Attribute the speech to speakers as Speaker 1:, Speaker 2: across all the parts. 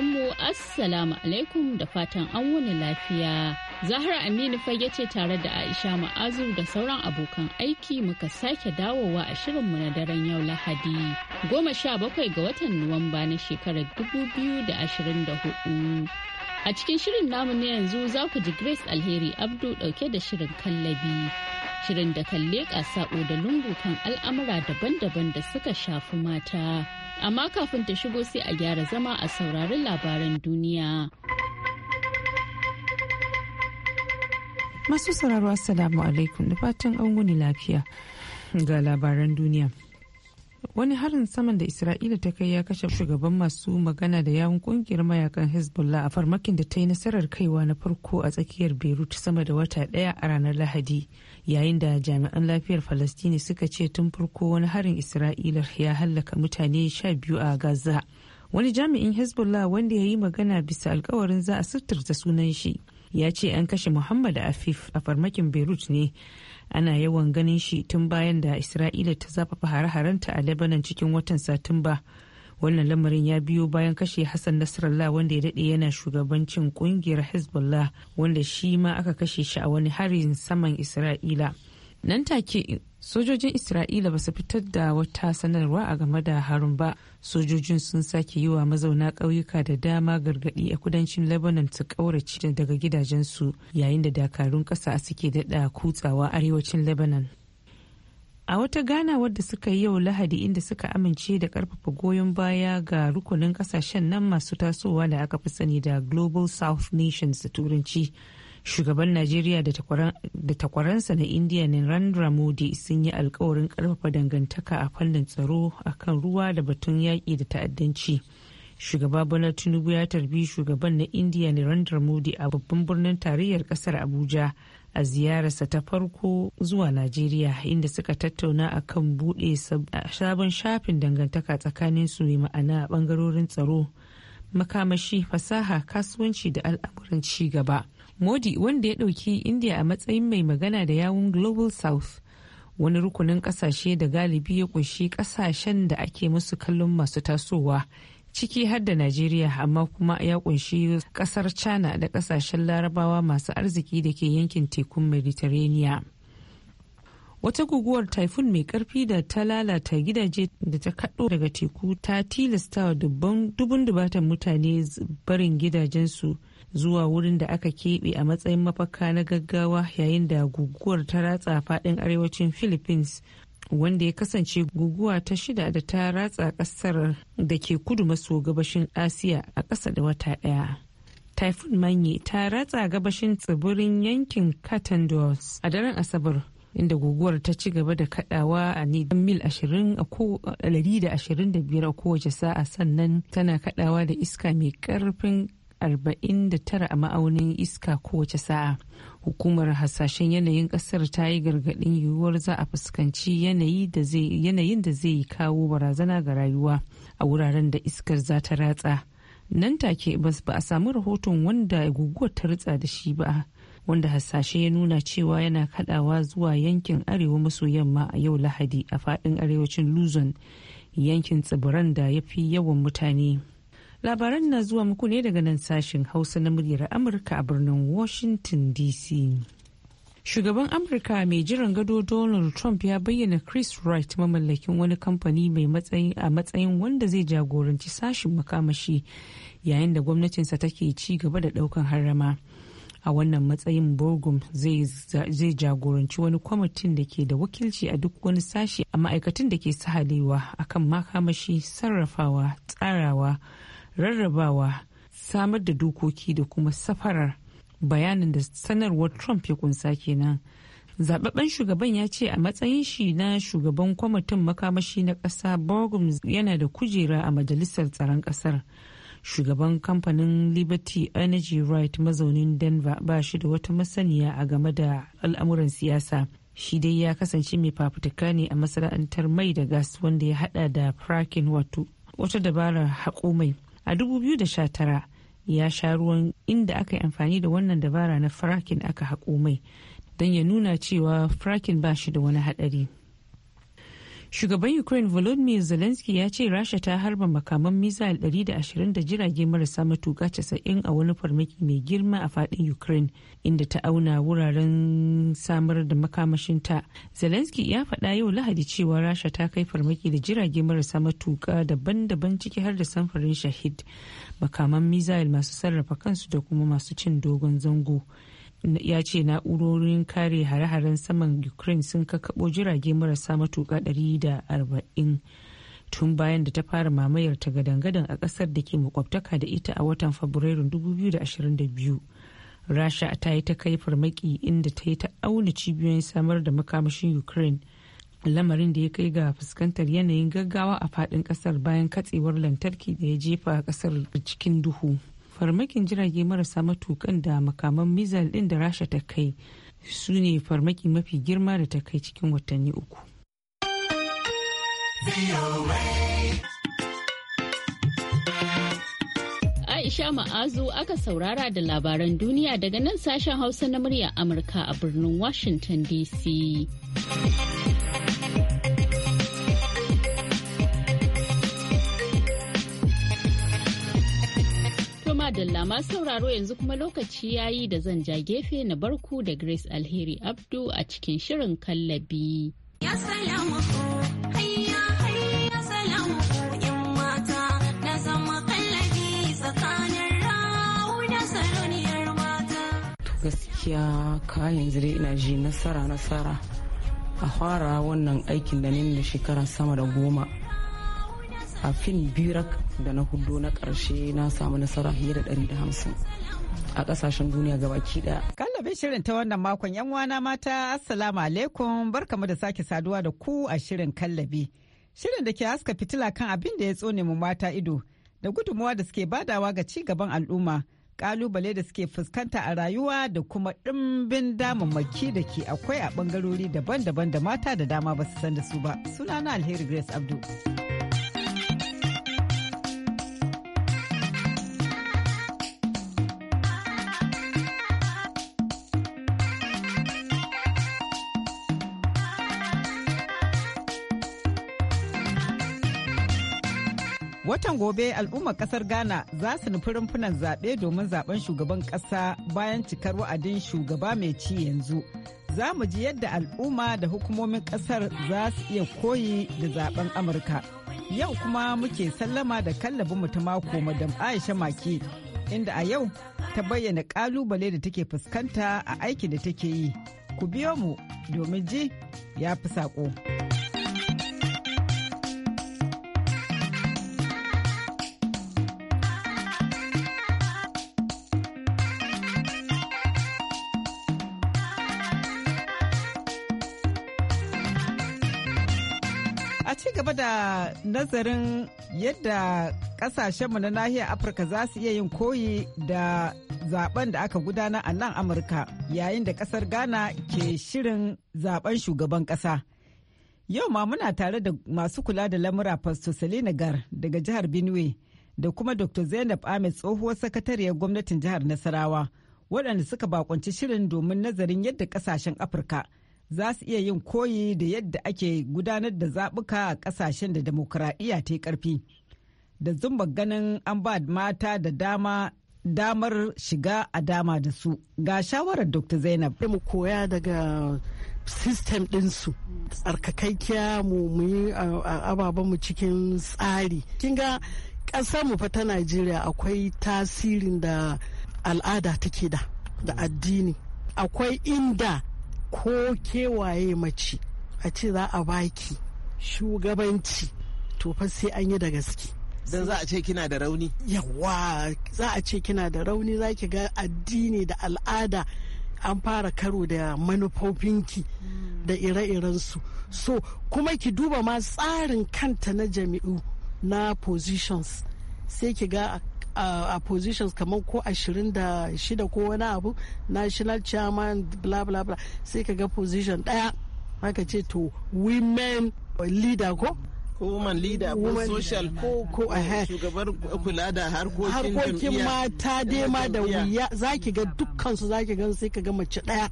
Speaker 1: mu Assalamu alaikum da fatan an wani lafiya. Zahra Aminu fage ce tare da Aisha Ma'azu da sauran abokan aiki muka sake dawowa a shirinmu na daren yau Lahadi. Goma sha bakwai ga watan Nuwamba na shekarar dubu biyu da ashirin da hudu. A cikin shirin namu na yanzu za ku ji Grace Alheri Abdu ɗauke da shirin kallabi. shirin da kan leƙa saƙo da lungu kan al'amura daban-daban da suka shafi mata. Amma kafin ta shigo sai a gyara zama a sauraron labaran duniya.
Speaker 2: Masu sauraro as-salamu alaikum da fatan an wuni lafiya ga labaran duniya. Wani harin saman da Isra'ila ta kai ya kashe shugaban masu magana da yawun kungiyar mayakan Hezbollah a farmakin da ta yi nasarar kaiwa na farko a tsakiyar Beirut sama da wata ɗaya a ranar Lahadi yayin da jami'an lafiyar falastini suka ce tun farko wani harin isra'ila ya hallaka mutane sha biyu a gaza wani jami'in hezbollah wanda ya yi magana bisa alkawarin za a suturta sunan shi ya ce an kashe muhammad afif a farmakin beirut ne ana yawan ganin shi tun bayan da isra'ila ta zafafa hare-harenta a lebanon cikin watan satumba wannan lamarin ya biyo bayan kashe hassan nasrallah wanda ya daɗe yana shugabancin kungiyar hezbollah wanda shi ma aka kashe shi a wani harin saman isra'ila nan take sojojin isra'ila ba su fitar da wata sanarwa a game da harin ba sojojin sun sake yi wa mazauna ƙauyuka da dama gargaɗi a kudancin lebanon su ƙaurace daga gidajensu yayin da dakarun ƙasa suke daɗa kutsawa arewacin lebanon a wata ghana wadda suka yi yau lahadi inda suka amince da karfafa goyon baya ga rukunin kasashen nan masu tasowa da aka fi sani da global south nations da turanci shugaban najeriya da takwaransa na indiya narendra modi sun yi alkawarin karfafa dangantaka a fannin tsaro akan ruwa da batun yaƙi da ta'addanci shugaba bola tinubu ya tarbi shugaban na indiya narendra modi a babban birnin tarayyar kasar abuja a ziyararsa ta farko zuwa Najeriya inda suka tattauna a kan buɗe sabon shafin dangantaka tsakanin su ma'ana ɓangarorin tsaro, makamashi, fasaha, kasuwanci da al'amuran ci gaba. Modi wanda ya ɗauki India a matsayin mai magana da yawun Global South. Wani rukunin ƙasashe da galibi ya ƙunshi ƙasashen da ake musu kallon masu tasowa ciki har da Najeriya amma kuma ya kunshi kasar China da kasashen larabawa masu arziki da ke yankin tekun Mediterranean. Wata guguwar typhoon mai karfi da ta lalata gidaje da ta kaɗo daga teku ta tilasta dubun dubatan mutane barin gidajensu zuwa wurin da aka keɓe a matsayin mafaka na gaggawa yayin da guguwar ta ratsa faɗin arewacin Philippines wanda ya kasance guguwa ta shida da ta ratsa kasar da ke kudu maso gabashin asiya a ƙasa da wata ɗaya typhoon manye ta ratsa gabashin tsibirin yankin katandos a daren asabar inda guguwar ta ci gaba da kadawa a nidan mil 125 a kowace sa'a sannan tana kadawa da iska mai karfin 49 a ma'aunin iska kowace sa'a hukumar hasashen yanayin kasar ta yi gargaɗin yiwuwar za a fuskanci yanayin da zai kawo barazana ga rayuwa a wuraren da iskar za ta ratsa nan take bas ba a samu rahoton wanda guguwar ta ritsa da shi ba wanda hasashe ya nuna cewa yana kadawa zuwa yankin arewa maso yamma a yau lahadi a faɗin arewacin luzon yankin tsibiran da ya fi yawan mutane. labaran na zuwa muku ne daga nan sashen hausa na muryar amurka a birnin washington dc shugaban amurka mai jiran gado donald trump ya bayyana chris wright mamallakin wani kamfani mai matsayin a matsayin wanda zai jagoranci sashen makamashi yayin da gwamnatinsa take ci gaba da daukan harama a wannan matsayin borgum zai jagoranci wani kwamitin da ke da wakilci a duk wani sashe a ma'aikatan da ke sahalewa akan makamashi sarrafawa tsarawa rarrabawa samar da dokoki da kuma safarar bayanin da sanarwar trump ya kunsa kenan zababben shugaban ya ce a matsayin shi na shugaban kwamitin makamashi na kasa borgum yana da kujera a majalisar tsaron kasar shugaban kamfanin liberty energy right mazaunin denver ba shi da wata masaniya a game da al'amuran siyasa shi dai ya kasance mai fafutuka ne a masana'antar mai da gas wanda ya hada da fracking wato wata dabarar haƙo mai a 2019 ya sha ruwan inda aka yi amfani da wannan dabara na fracking aka haƙo mai don ya nuna cewa fracking ba shi da wani haɗari. Shugaban Ukraine Volodymyr Zelensky ya ce Rasha ta harba makaman misal 120 da jirage marasa matuka 90 a wani farmaki mai girma a fadin Ukraine inda ta auna wuraren samar da makamashinta. Zelensky ya faɗa yau Lahadi cewa Rasha ta kai farmaki da jirage marasa matuka daban-daban ciki har da samfurin Shahid, makaman misal masu sarrafa kansu da kuma masu cin dogon zango. ya ce na'urorin kare hare-haren saman ukraine sun kakabo jirage marasa matuka 140 tun bayan da ta fara mamayar ta gadan-gadan a kasar da ke makwabtaka da ita a watan fabrairun 2022 rasha ta yi ta kai farmaki inda ta yi ta auna cibiyoyin samar da makamashin ukraine lamarin da ya kai ga fuskantar yanayin gaggawa a faɗin kasar bayan katsewar lantarki da ya jefa kasar cikin duhu. farmakin jirage marasa matukan da makaman mizal ɗin da rasha ta kai su ne farmaki mafi girma da ta kai cikin watanni uku.
Speaker 1: Aisha Ma'azu aka saurara da labaran duniya daga nan sashen Hausa na murya Amurka a birnin Washington DC. Madalla masu sauraro yanzu kuma lokaci ya yi da zan ja gefe na barku da Grace Alheri Abdu a cikin shirin kallabi.
Speaker 2: Ya
Speaker 3: gaskiya kayan zire ina ji nasara nasara a fara wannan aikin da ne da shekara sama da goma a fin birak da na hudu na karshe na samu nasara fiye da 150 a kasashen duniya gabaki daya kallabe shirin ta wannan makon yan
Speaker 4: wana mata assalamu alaikum barkamu da sake saduwa da ku a shirin kallabi shirin da ke haska fitila kan abin da ya tsone mu mata ido da gudunmuwa da suke badawa ga ci gaban al'umma kalubale da suke fuskanta a rayuwa da kuma ɗimbin damammaki da ke akwai a bangarori daban-daban da mata da dama ba su san da su ba sunana alheri grace Abdul. watan gobe al'ummar kasar ghana za su nufi rumfunan zaɓe domin zaɓen shugaban ƙasa bayan cikar wa'adin shugaba mai ci yanzu za mu ji yadda al'umma da hukumomin ƙasar za su iya koyi da zaɓen amurka yau kuma muke sallama da kallabinmu ta mako madam aisha maki inda a yau ta bayyana ƙalubale da take fuskanta a aikin da take yi ku biyo mu domin ji ya fi saƙo. da nazarin yadda kasashenmu na nahiyar Afirka za su iya yin koyi da zaben da aka gudana a nan Amurka yayin da kasar Ghana ke shirin zaben shugaban kasa. Yau ma muna tare da masu kula da lamura Pastor Selina Gar daga jihar Benue da kuma Dr. Zainab Ahmed tsohuwar sakatariyar gwamnatin jihar Nasarawa waɗanda suka bakunci shirin domin nazarin yadda kasashen Afirka. za su iya yin koyi da yadda ake gudanar da zaɓuka a ƙasashen da demokuraɗiyya ta yi ƙarfi da zumba ganin an ba mata da dama damar shiga a dama da su ga shawarar dr zainab mu koya daga sistem ɗinsu tsarkakakkiya mu yi
Speaker 5: ababen mu cikin tsari kin ga ƙasar mu fa ta najeriya akwai tasirin da al'ada take da da addini akwai inda ko kewaye mace a ce za a baki shugabanci to fa sai an yi da gaske dan za a
Speaker 4: ce kina da rauni
Speaker 5: yawa za a ce kina da rauni za ki ga addini da al'ada an fara karo da manufofinki da ire-irensu so kuma ki duba ma tsarin kanta na jami'u na positions sai ki ga a positions kamar ko 26 ko wani abu national chairman bla bla bla sai ka ga position daya haka ce to women leader ko ko woman leader ko social ko
Speaker 3: ko eh, shugabar kula da harkokin
Speaker 5: mata dai ma da wuya zaki ga dukkan su zaki ga sai ka ga mace daya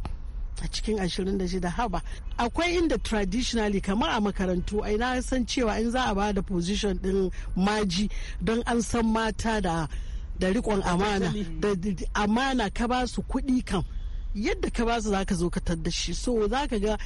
Speaker 5: a cikin 26 haba akwai inda traditionally kamar a makarantu ai na san cewa in za a ba da position din maji don an san mata da da rikon amana da amana ka ba su kuɗi kam yadda ka ba su za ka zo ka tadda shi so za ka ga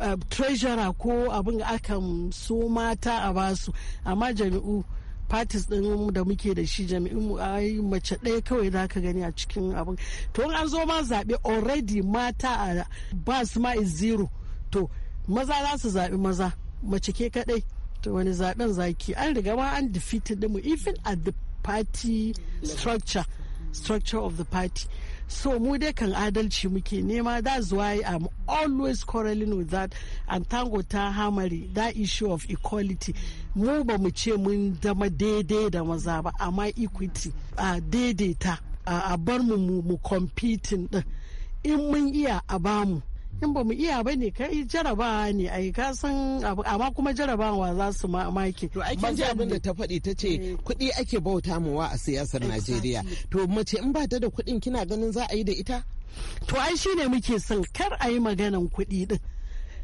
Speaker 5: eh, treasurer ko abin akan so mata a ba su amma jami'u parties din da muke da shi jami'in mu ai mace ɗaya kawai za ka gani a cikin abin to an zo ma zaɓe already mata a ba su ma is zero to maza za su zaɓi maza mace ke kaɗai to wani zaɓen zaki an riga ma an defeated mu even at the party structure structure of the party so mu dai kan adalci muke nema that's why i'm always quarreling with that and tango ta hamari that issue of equality mu ba mu ce mun zama daidai da maza ba amma equity a daidaita a bar mu mu competing din in mun iya a bamu in ba mu iya ba ne kai jarabawa ne ai ka san amma kuma jarabawa za su maki to ai ji abin da ta faɗi ta ce eh. kuɗi ake bauta mu wa a siyasar Najeriya to mace in ba ta da kuɗin kina ganin za a yi da ita to ai shi ne muke son kar a yi maganan kuɗi din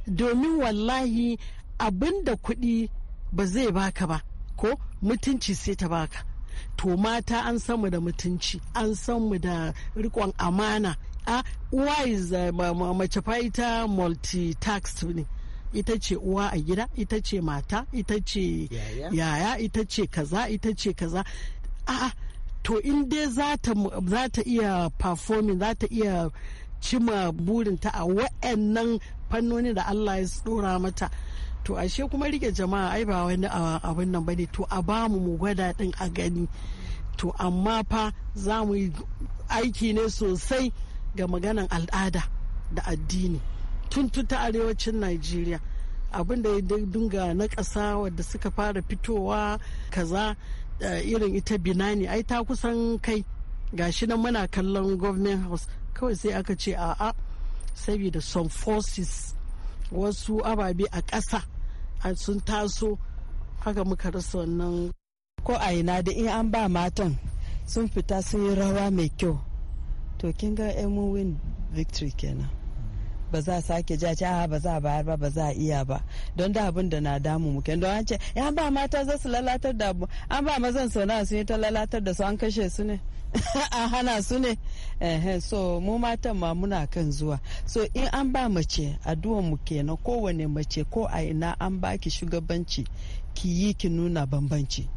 Speaker 5: domin wallahi abin da kuɗi ba zai baka ba ko mutunci sai ta baka to mata an san mu da mutunci an san mu da rikon amana a uwa is eh, mace fa multi tax ne ita ce uwa a gida ita ce mata ita ce yaya ita ce kaza ita ce kaza a to in dai za ta iya performing za ta iya cima burinta a wa'annan fannoni da Allah ya tsora mata to ashe kuma rike jama'a ai ba wani abin nan bane to a bamu mu gwada din a gani to amma fa za mu yi aiki ne sosai ga maganan al'ada da addini tun ta arewacin nigeria abin da ya dinga na ƙasa wadda suka fara fitowa kaza irin ita binani ai ta kusan kai gashi nan muna kallon government house kawai sai aka ce a'a saboda some forces wasu ababe a ƙasa sun taso
Speaker 6: haka muka rasa wannan ko a ina da in an ba matan sun fita sun yi rawa mai kyau to kin ga mun win victory kenan ba za a sake ja ci ba za a bayar ba ba za a iya ba don da abin da na damu muke. don an ce ya ba mata za su lalatar da abu an ba mazan sau na sun yi ta lalatar da su an kashe su ne a hana su ne so mu matan ma muna kan zuwa so in an ba mace addu'ar mu kenan kowane mace ko a ina an baki shugabanci ki yi ki nuna bambanci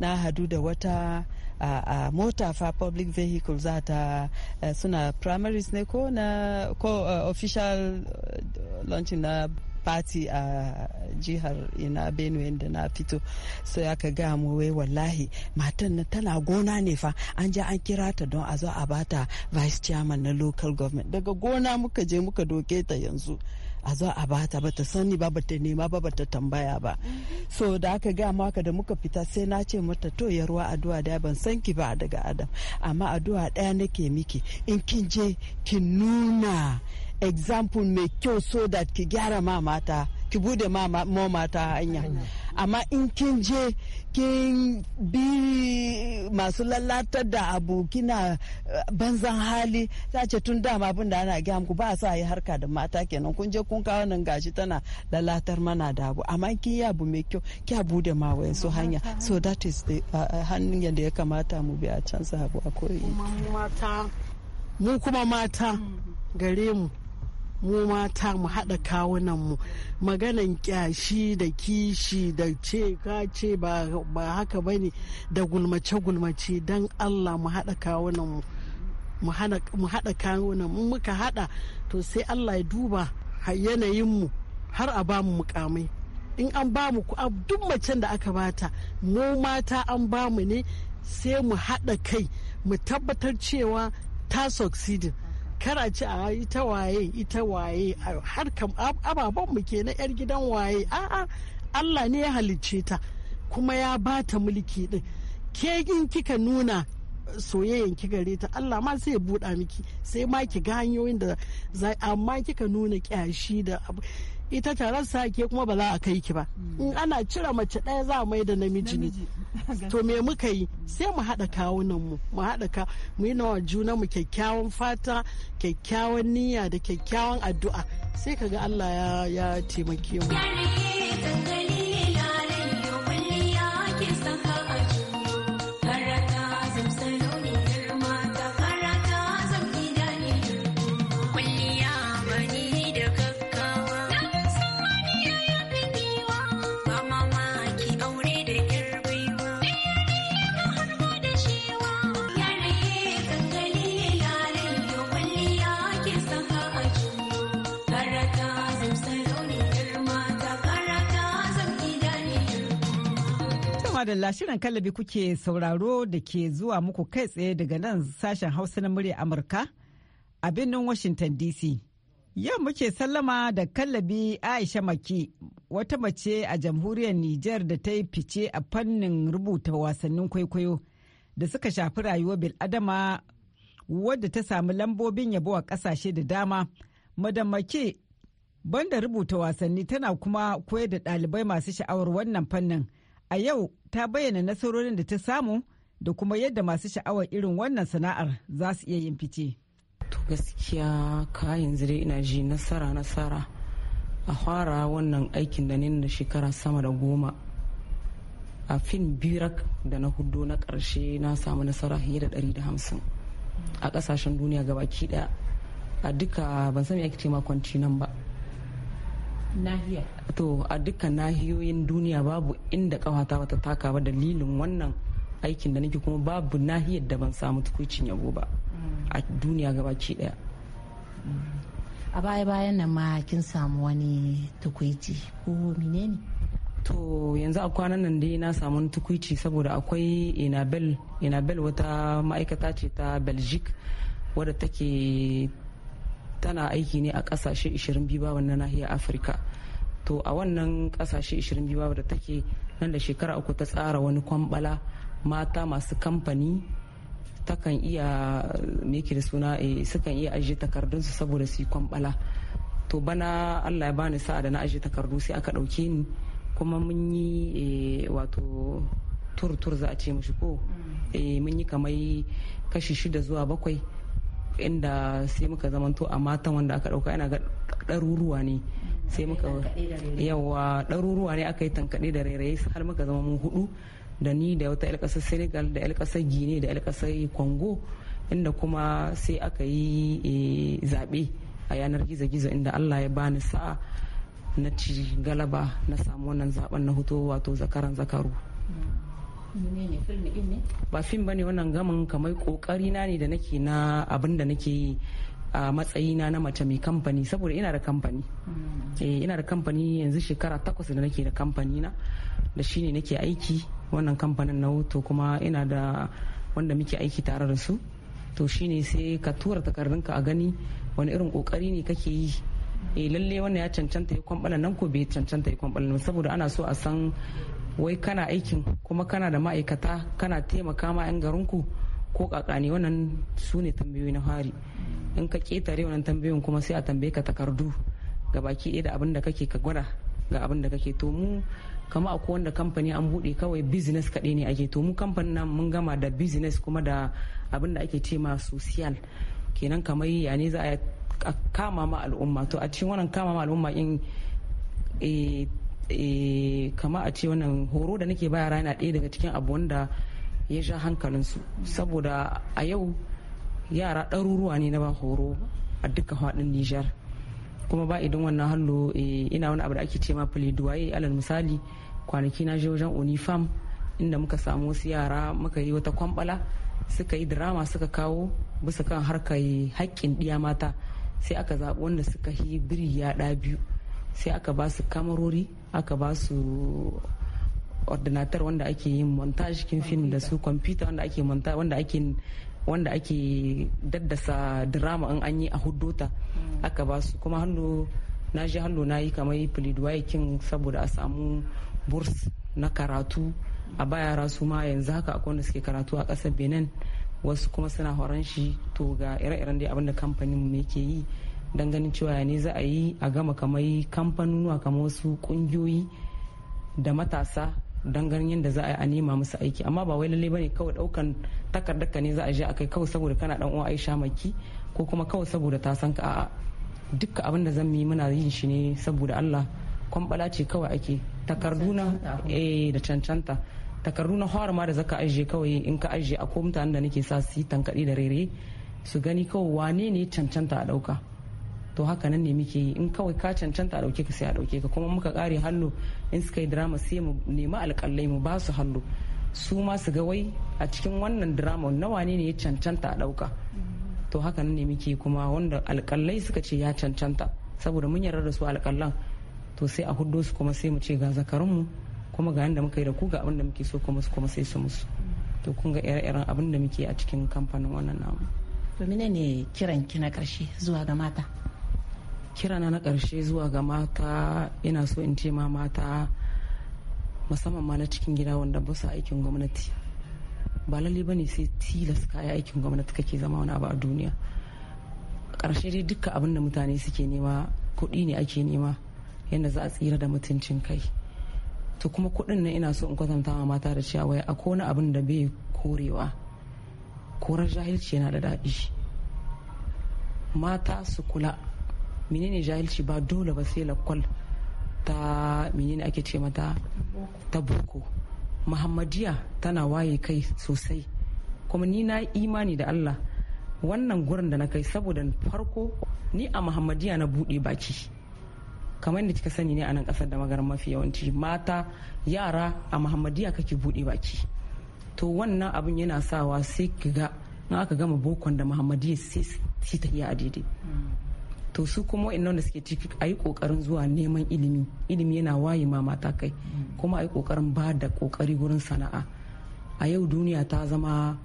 Speaker 6: na hadu da wata a mota fa public vehicle za ta eh, suna primaries ne ko na ko eh, official eh, launching na party a jihar ina benue da na fito sai aka ga mu wai wallahi matan na tana gona ne fa an ja an kira ta don a zo a bata vice chairman na local government daga gona muka je muka doke ta yanzu a zo a bata bata sani ba bata nema ba bata tambaya ba so da aka ga maka da muka fita sai na ce mata to yarwa addu'a da ban san ki ba daga adam amma addu'a daya nake miki in kin je ki nuna example mai kyau so that ki gyara ma mata ki bude ma mata hanya amma in kin je kin bi masu lalatar da abu kina eh, banzan hali ta ce tun dama abin da ana gaya muku ba sa yi harka da mata kenan kun je kun kawo nan gashi tana lalatar mana da abu amma kin yi abu mai kyau kya bude ma wayansu hanya so that is the eh, eh, hanyar da ya kamata mu bi a can sahabu a mu kuma mata mm. gare mu mu mata
Speaker 5: mu haɗa kawunan mu maganan kyashi da kishi da ce ka ce ba haka ne da gulmace-gulmace don allah mu haɗa kawunan mu mu haɗa kawunan mu muka haɗa to sai allah ya duba yanayin mu har a bamu mukamai in an bamu duk macen da aka bata mu mata an bamu ne sai mu haɗa kai mu tabbatar cewa ta succeeding kar a ci a ita waye ita waye harkan ababen mu ke na yar gidan waye a'a Allah ne ya halicce ta kuma ya ba ta mulki din ke in kika nuna soyayyan ki gare ta Allah ma sai ya buɗa miki sai ma ki ga hanyoyin da amma kika nuna kyashi da abu ita tararsa ke kuma ba za a kai ki ba mm. in ana cire mace ɗaya za mai da namiji ne to me muka yi sai mu haɗa kawunan mu mu haɗa ka mu yi nawa juna mu kyakkyawan fata kyakkyawan niyya da kyakkyawan addu'a sai kaga Allah ya taimake
Speaker 2: mu
Speaker 4: madalla shirin kallabi kuke sauraro da ke zuwa muku kai tsaye daga nan sashen hausa na murya amurka a birnin washington dc yau muke sallama da kallabi aisha maki wata mace a jamhuriyar niger da ta yi fice a fannin rubuta wasannin kwaikwayo da suka shafi rayuwar bil'adama wadda ta sami lambobin yabo a kasashe da dama madam maki banda rubuta wasanni tana kuma koyar da ɗalibai masu sha'awar wannan fannin a yau ta bayyana nasarorin da ta samu da kuma yadda masu sha'awar irin wannan sana'ar
Speaker 3: za su iya yin fice. To gaskiya ka yanzu dai ina ji nasara nasara a fara wannan aikin da ne da shekara sama da goma a fin birak da na hudu na karshe na samu nasara fiye da da hamsin a kasashen duniya gabaki daya a duka ban san ake ce ma kwanci nan ba nahiya to a dukkan nahiyoyin duniya babu inda kawata bata taka ba dalilin wannan aikin da nake kuma babu nahiyar da ban samu tukucin yabo ba mm. a duniya ke daya mm. a baya bayan nan ma kin samu wani tukuici ko menene to yanzu a kwanan nan dai na samu tukuici saboda akwai inabel inabel wata ma'aikata ce ta belgique wadda take tana aiki ne a kasashe 22 babu na nahiyar afirka to a wannan kasashe 22 babu da take nan da shekara uku ta tsara wani kwambala mata masu kamfani takan iya meke da suna eh, sukan iya ajiye takardun su saboda su yi kwambala to bana allah ya bani sa'a da na ajiye takardu sai aka ɗauke ni kuma mun yi eh, wato tur-tur za a ce mashi ko mm. eh, mun yi kamai kashi shida zuwa bakwai inda sai muka zamanto a matan wanda aka ɗauka yana ga ɗaruruwa ne sai muka yawa ɗaruruwa ne aka yi tankaɗe da rairaye har muka zama mun hudu da ni da wata 'yar ƙasar senegal da 'yar ƙasar guinea da 'yar ƙasar congo inda kuma sai aka yi eh, zaɓe a yanar gizo-gizo inda allah ya bani sa'a na ci galaba na samu wannan zaben na hoto wato zakaran zakaru mm. ba fim ba ne ba wannan gamin kamar kokari na ne da nake na abin da nake yi a matsayi na mace mai kamfani saboda ina da kamfani mm. eh, ina da kamfani yanzu shekara takwas da nake da kamfani na da shine nake aiki wannan kamfanin na wuto kuma ina da wanda muke aiki tare da su to shine sai ka tura takardun ka a gani wani irin kokari ne kake yi e lalle wannan ya cancanta ya kwamɓala nan ko bai cancanta ya kwamɓala saboda ana so a san wai kana aikin kuma kana da ma'aikata kana taimaka ma 'yan garinku ko kakani wannan su ne tambayoyi na hari in ka ketare wannan tambayoyin kuma sai a tambaye ka takardu ga baki ɗaya da abin da kake ka gwada ga abin da kake to mu kama akwai wanda kamfani an buɗe kawai business kaɗai ne ake to mu kamfanin nan mun gama da business kuma da abin da ake ce ma social kenan kamar ya ne za a kama ma al'umma to a cikin wannan kama ma al'umma in eh, Eh, kama a ce wannan horo da nake bayara yana ɗaya daga cikin abu wanda ya sha hankalinsu saboda a yau yara ɗaruruwa ne na ba horo a duka faɗin nijar kuma ba idan wannan hallo eh, ina wani abu da ake ce ma filiduwaye alal misali kwanaki na je wajen unifam inda muka samu wasu yara muka yi wata kwambala suka yi drama suka kawo bisa kan harkar haƙƙin ɗiya mata sai aka zaɓi wanda suka yi biri ya ɗa biyu sai aka ba su kamarori aka ba su ordinatar wanda ake yin montage kin film da su kwamfuta wanda ake wanda ake wanda ake daddasa drama in an yi a huddota aka ba su kuma hannu na ji hannu na yi kamar pleadway kin saboda a samu burs na karatu a bayara su ma yanzu haka akwai wanda suke karatu a kasar benin wasu kuma suna horon shi to ga ire-iren dai abinda kamfanin mu yake yi don ganin cewa ne za a yi a gama kamar kamfanonuwa kamar wasu kungiyoyi da matasa don ganin yadda za a yi a nema musu aiki amma ba wai lalle bane kawai daukan takardar ka ne za a je a kai kawai saboda kana dan uwa Aisha maki ko kuma kawai saboda ta san ka a'a dukkan abin da zan yi muna yin shi ne saboda Allah kwambala ce kawai ake takarduna eh da cancanta takarduna har ma da zaka ajiye kawai in ka ajiye ko mutanen da nake sa su yi tankaɗi da rere su gani kawai wane ne cancanta a ɗauka to haka nan ne muke yi in kawai ka cancanta a dauke ka sai a dauke ka kuma muka kare hannu in suka yi drama sai mu nemi alƙalai mu basu su su ma su ga wai a cikin wannan drama nawa ne ya cancanta a ɗauka. to haka nan ne muke kuma wanda alƙalai suka ce ya cancanta saboda mun yarda da su alƙalan to sai a huddo su kuma sai mu ce ga zakarunmu kuma ga yanda muka yi da ku ga abin da muke so kuma su kuma sai su musu to kun ga ire-iren abin da muke a cikin kamfanin wannan namu. to ne kiran ki na karshe zuwa ga mata kirana na karshe zuwa ga mata ina so in ce ma mata musamman ma na cikin gida wanda ba su aikin gwamnati ba lalle ba ne sai tilas kaya aikin gwamnati kake zama wani abu a duniya karshe dai duka abin da mutane suke nema kuɗi ne ake nema yadda za a tsira da mutuncin kai to kuma kuɗin nan ina so in kwatanta ma mata da cewa a akwai wani abin da bai korewa korar jahilci yana da daɗi mata su kula menene jahilci ba dole ba sai lakwal ta menene ake ce mata ta boko muhammadiya tana waye kai sosai kuma ni na imani da allah wannan gurin da na kai saboda farko ni a muhammadiya na bude baki kamar da kika sani ne a nan kasar da magar mafi yawanci mata yara a muhammadiya kake bude baki to wannan abin yana sawa sai ki ga na aka gama bokon da muhammadiya sai ta yi a daidai to su kuma wa'annan da suke ciki a yi kokarin zuwa neman ilimi ilimi yana waye ma mata kai kuma a yi kokarin ba da kokari wurin sana'a a yau duniya ta zama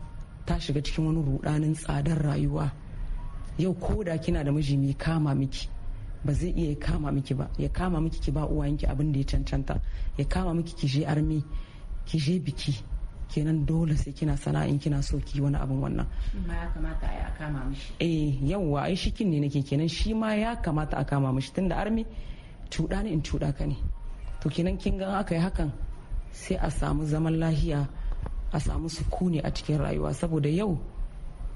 Speaker 3: ta shiga cikin wani rudanin tsadar rayuwa yau ko da kina da miji mai kama miki ba zai iya kama miki ba ya kama miki ki ba uwayenki abin da ya cancanta ya kama miki ki je armi ki je biki kenan dole sai kina sana'a in kina so ki wani abin wannan ma ya kamata a kama mishi eh yawa ai ne nake kenan shi ma ya kamata a kama mishi tunda armi cuɗa ne in cuɗa ka ne to kenan kin ga aka yi hakan sai a samu zaman lahiya a samu sukuni a cikin rayuwa saboda yau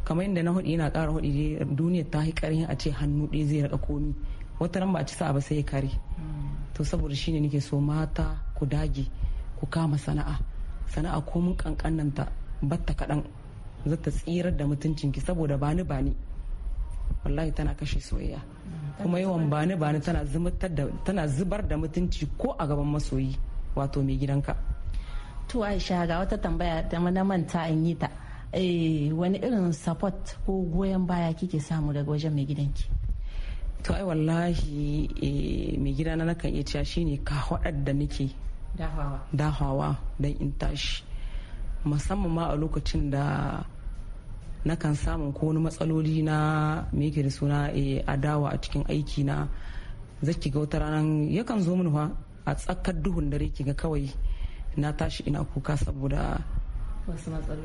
Speaker 3: kamar yadda na hudu yana ƙara hudu duniyar ta yi ƙarhin a ce hannu ɗaya zai raka komi wata ran ba a ci sa'a ba sai ya kare hmm. to saboda shine nake so mata ku dage ku kama sana'a sana'a komin mun ta batta kaɗan za ta tsirar da mutuncinki saboda bani bani wallahi tana kashe soyayya kuma yawan bani bani tana zubar da mutunci ko a gaban masoyi wato mai gidanka to aisha ga wata tambaya da na manta an yi ta eh, wani irin support ko goyon baya kike samu daga wajen mai gidanki to ai wallahi eh, mai gidana kan iya cewa shine ka da nake dahawa don in tashi musamman ma a lokacin da nakan samun ko wani matsaloli na me da suna eh, adawa a cikin aiki na zaki ga wata ranar yakan zo min a tsakar duhun dare ga kawai na tashi ina kuka saboda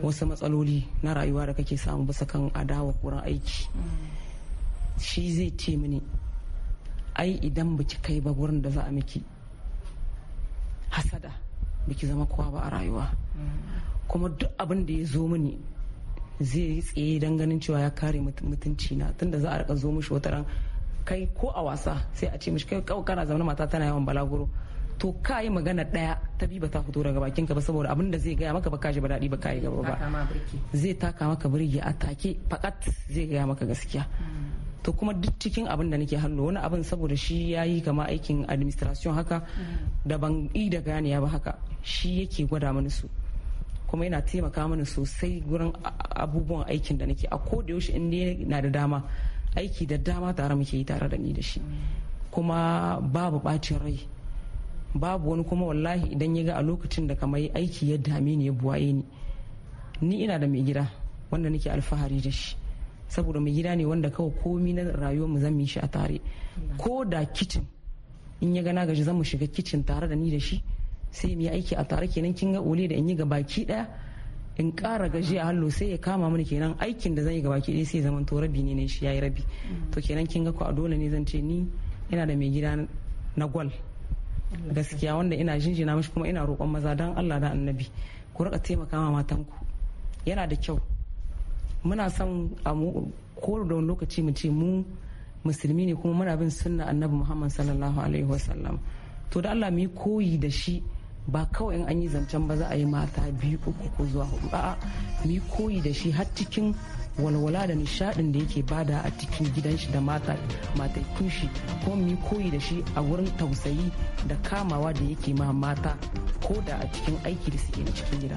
Speaker 3: wasu matsaloli na rayuwa da kake samu bisa kan adawa ko aiki
Speaker 2: mm.
Speaker 3: shi zai ce mini ai idan baki kai ba gurin da za a miki hasada ke zama kowa ba a rayuwa kuma duk abin da ya zo mini zai yi tsaye don ganin cewa ya kare mutunci na tunda za a rika zo mishi wata ran kai ko a wasa sai a ce mishi kai kawai kana zama mata tana yawan balaguro to ka yi magana daya ta bi ba ta fito daga bakin ka ba saboda abin da zai gaya maka ba ka ba daɗi ba ka yi gaba ba zai taka maka birgi a take fakat zai gaya maka gaskiya hmm. to kuma duk cikin abin da nake hallo wani abin saboda shi ya yi kama aikin administration haka da ban yi da ganiya ba haka shi yake gwada mani su kuma yana taimaka mani sosai gurin abubuwan aikin da nake a koda yaushe in na da dama aiki da dama tare muke yi tare da ni da shi kuma babu bacin rai babu wani kuma wallahi idan ya ga a lokacin da kamar aiki ya dame ni ya buwaye ni ni ina da mai gida wanda nake alfahari da shi saboda mai gida ne wanda kawai komi na rayuwar mu zan yi shi a tare mm. ko da kicin in ya gana gaji zan mu shiga kicin tare da ni da shi sai mu yi aiki a tare kenan kin ga ole da in yi ga baki daya in kara gaji a hallo sai ya kama mini kenan aikin da zan yi gabaki daya sai zaman to rabi ne ne shi yayi rabi mm. to kenan kin ga ko a dole ne zan ce ni ina da mai gida na gwal mm. gaskiya wanda ina jinjina mashi kuma ina roƙon maza don Allah da annabi ku raka taimaka ma matanku yana da kyau muna son a ko da lokaci mu ce mu musulmi ne kuma muna bin sunna annabi muhammad sallallahu alaihi wasallam to da allah mu yi koyi da shi ba kawai in an yi zancen ba za a yi mata biyu uku ko zuwa hudu a'a mu yi koyi da shi har cikin walwala da nishadin da yake bada a cikin gidan shi da mata mata kushi kuma mu yi koyi da shi a wurin tausayi da kamawa da yake ma mata ko da a cikin aiki da suke na cikin gida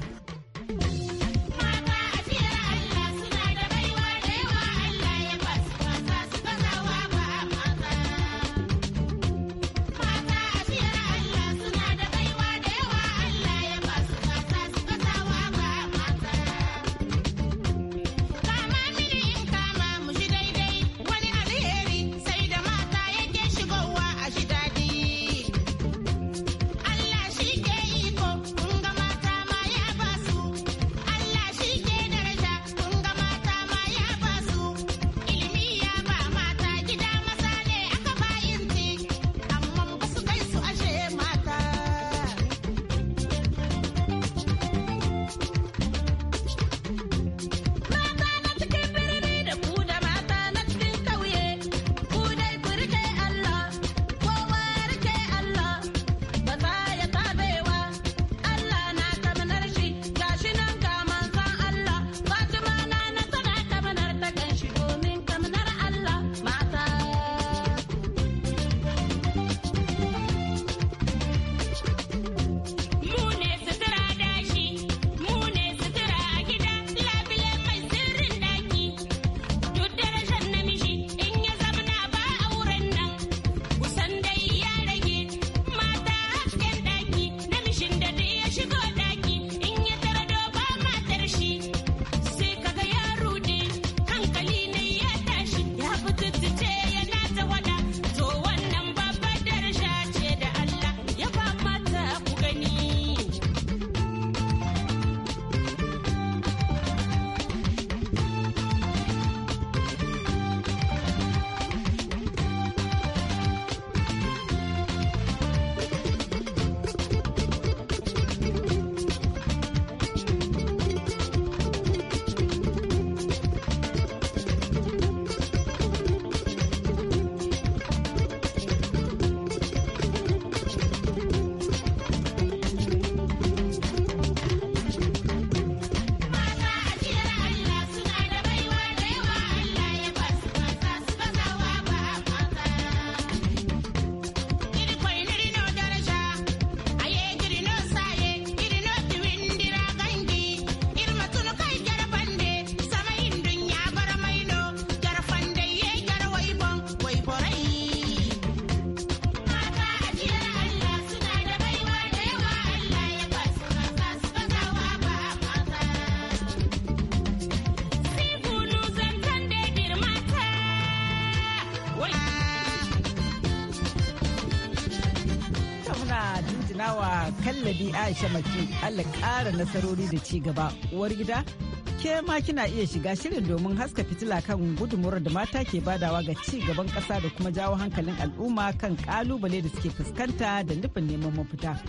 Speaker 4: Ladi Aisha Maki Allah ƙara nasarori da ci gaba. Uwar gida, ke ma kina iya shiga shirin domin haska fitila kan gudunmuwar da mata ke badawa ga ci gaban ƙasa da kuma jawo hankalin al'umma kan ƙalubale da suke fuskanta da nufin neman mafita.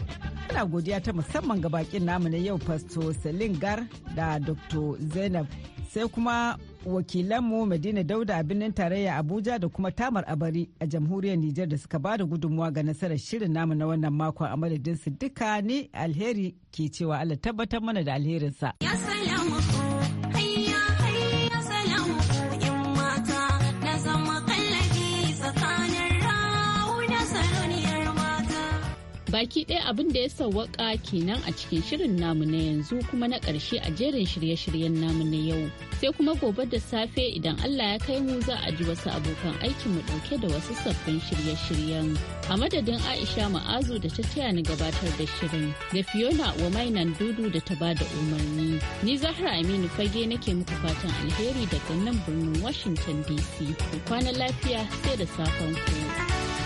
Speaker 4: Ana godiya ta musamman ga bakin namu na yau Pastor selingar da Dr. Zainab sai kuma wakilanmu Madina Dauda a birnin tarayya Abuja da kuma Tamar Abari a jamhuriyar Nijar da suka bada gudunmuwa ga nasarar shirin namu na wannan makon a madadin su duka ne alheri ke cewa Allah tabbatar mana da alherinsa.
Speaker 1: baki ɗaya abin da ya sawwaka kenan a cikin shirin namu na yanzu kuma na ƙarshe a jerin shirye-shiryen namu na yau sai kuma gobe da safe idan allah ya kai mu za a ji wasu abokan aikin mu ɗauke da wasu sabbin shirye-shiryen a madadin aisha ma'azu da ta taya ni gabatar da shirin da fiona wa mainan dudu da ta bada umarni ni zahra aminu fage nake muku fatan alheri daga nan birnin washington dc ku kwana lafiya sai da safen ku.